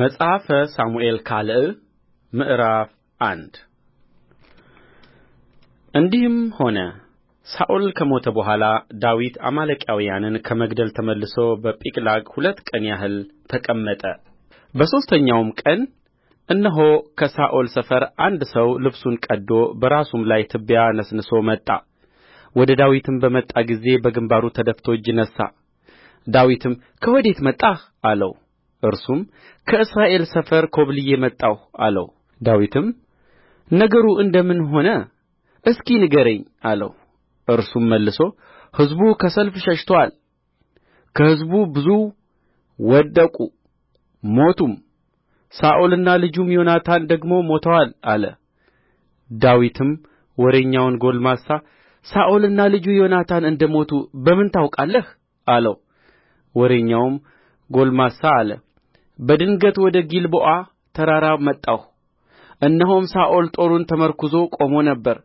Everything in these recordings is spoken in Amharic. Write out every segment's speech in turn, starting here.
መጽሐፈ ሳሙኤል ካል ምዕራፍ አንድ እንዲህም ሆነ ሳኦል ከሞተ በኋላ ዳዊት አማሌቃውያንን ከመግደል ተመልሶ በጺቅላግ ሁለት ቀን ያህል ተቀመጠ። በሦስተኛውም ቀን እነሆ ከሳኦል ሰፈር አንድ ሰው ልብሱን ቀድዶ በራሱም ላይ ትቢያ ነስንሶ መጣ። ወደ ዳዊትም በመጣ ጊዜ በግንባሩ ተደፍቶ እጅ ነሣ። ዳዊትም ከወዴት መጣህ? አለው። እርሱም ከእስራኤል ሰፈር ኰብልዬ መጣሁ አለው ዳዊትም ነገሩ እንደ ምን ሆነ እስኪ ንገረኝ አለው እርሱም መልሶ ሕዝቡ ከሰልፍ ሸሽቶአል ከሕዝቡ ብዙ ወደቁ ሞቱም ሳኦልና ልጁም ዮናታን ደግሞ ሞተዋል አለ ዳዊትም ወሬኛውን ጕልማሳ ሳኦልና ልጁ ዮናታን እንደ ሞቱ በምን ታውቃለህ አለው ወሬኛውም ጕልማሳ አለ በድንገት ወደ ጊልቦዓ ተራራ መጣሁ እነሆም ሳኦል ጦሩን ተመርኵዞ ቆሞ ነበር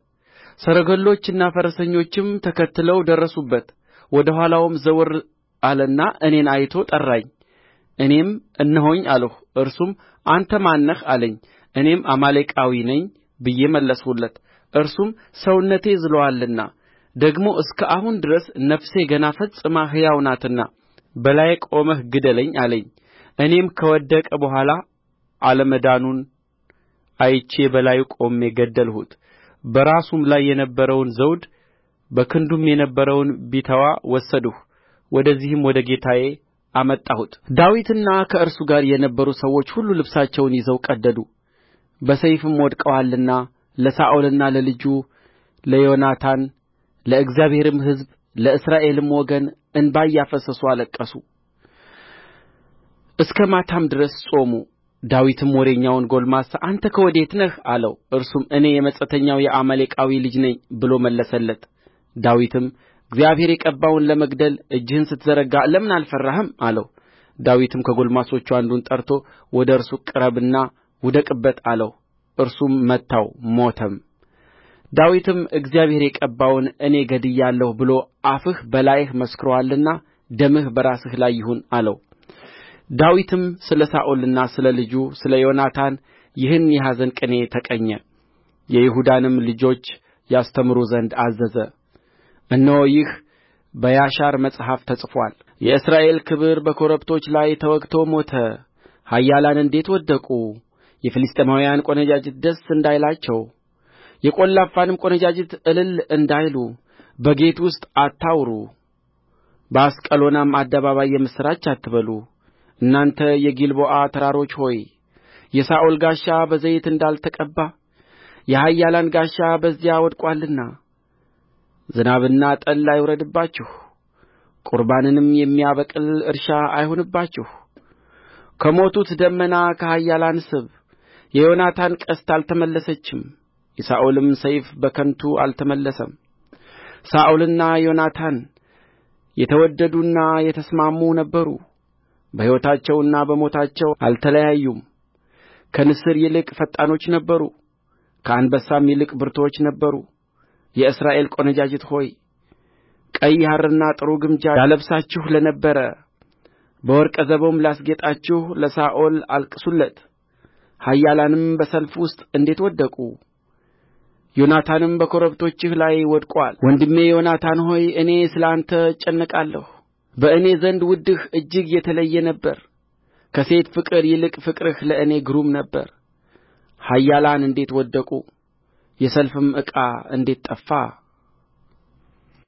ሰረገሎችና ፈረሰኞችም ተከትለው ደረሱበት ወደ ኋላውም ዘወር አለና እኔን አይቶ ጠራኝ እኔም እነሆኝ አልሁ እርሱም አንተ ማን ነህ አለኝ እኔም አማሌቃዊ ነኝ ብዬ መለስሁለት እርሱም ሰውነቴ ዝሎአልና ደግሞ እስከ አሁን ድረስ ነፍሴ ገና ፈጽማ ሕያው ናትና በላዬ ቆመህ ግደለኝ አለኝ እኔም ከወደቀ በኋላ አለመዳኑን አይቼ በላዩ ቆሜ ገደልሁት በራሱም ላይ የነበረውን ዘውድ በክንዱም የነበረውን ቢተዋ ወሰድሁ ወደዚህም ወደ ጌታዬ አመጣሁት ዳዊትና ከእርሱ ጋር የነበሩ ሰዎች ሁሉ ልብሳቸውን ይዘው ቀደዱ በሰይፍም ወድቀዋልና ለሳኦልና ለልጁ ለዮናታን ለእግዚአብሔርም ሕዝብ ለእስራኤልም ወገን እንባ እያፈሰሱ አለቀሱ እስከ ማታም ድረስ ጾሙ ዳዊትም ወሬኛውን ጕልማሳ አንተ ከወዴት ነህ አለው እርሱም እኔ የመጻተኛው የአማሌቃዊ ልጅ ነኝ ብሎ መለሰለት ዳዊትም እግዚአብሔር የቀባውን ለመግደል እጅህን ስትዘረጋ ለምን አልፈራህም አለው ዳዊትም ከጕልማሶቹ አንዱን ጠርቶ ወደ እርሱ ቅረብና ውደቅበት አለው እርሱም መታው ሞተም ዳዊትም እግዚአብሔር የቀባውን እኔ ገድያለሁ ብሎ አፍህ በላይህ መስክሮአልና ደምህ በራስህ ላይ ይሁን አለው ዳዊትም ስለ ሳኦልና ስለ ልጁ ስለ ዮናታን ይህን የኀዘን ቅኔ ተቀኘ የይሁዳንም ልጆች ያስተምሩ ዘንድ አዘዘ እነሆ ይህ በያሻር መጽሐፍ ተጽፎአል የእስራኤል ክብር በኮረብቶች ላይ ተወግቶ ሞተ ኃያላን እንዴት ወደቁ የፍልስጥኤማውያን ቈነጃጅት ደስ እንዳይላቸው የቈላፋንም ቈነጃጅት እልል እንዳይሉ በጌት ውስጥ አታውሩ በአስቀሎናም አደባባይ የምስራች አትበሉ እናንተ የጊልቦዓ ተራሮች ሆይ የሳኦል ጋሻ በዘይት እንዳልተቀባ የኃያላን ጋሻ በዚያ ወድቆአልና ዝናብና ጠል አይውረድባችሁ ቍርባንንም የሚያበቅል እርሻ አይሁንባችሁ ከሞቱት ደመና ከኃያላን ስብ የዮናታን ቀስት አልተመለሰችም የሳኦልም ሰይፍ በከንቱ አልተመለሰም ሳኦልና ዮናታን የተዋደዱና የተስማሙ ነበሩ በሕይወታቸውና በሞታቸው አልተለያዩም ከንስር ይልቅ ፈጣኖች ነበሩ ከአንበሳም ይልቅ ብርቱዎች ነበሩ የእስራኤል ቈነጃጅት ሆይ ቀይ ሐርና ጥሩ ግምጃ ያለብሳችሁ ለነበረ በወርቀ ዘቦም ላስጌጣችሁ ለሳኦል አልቅሱለት ኃያላንም በሰልፍ ውስጥ እንዴት ወደቁ ዮናታንም በኮረብቶችህ ላይ ወድቆአል ወንድሜ ዮናታን ሆይ እኔ ስለ አንተ እጨነቃለሁ በእኔ ዘንድ ውድህ እጅግ የተለየ ነበረ ከሴት ፍቅር ይልቅ ፍቅርህ ለእኔ ግሩም ነበረ ኃያላን እንዴት ወደቁ የሰልፍም ዕቃ እንዴት ጠፋ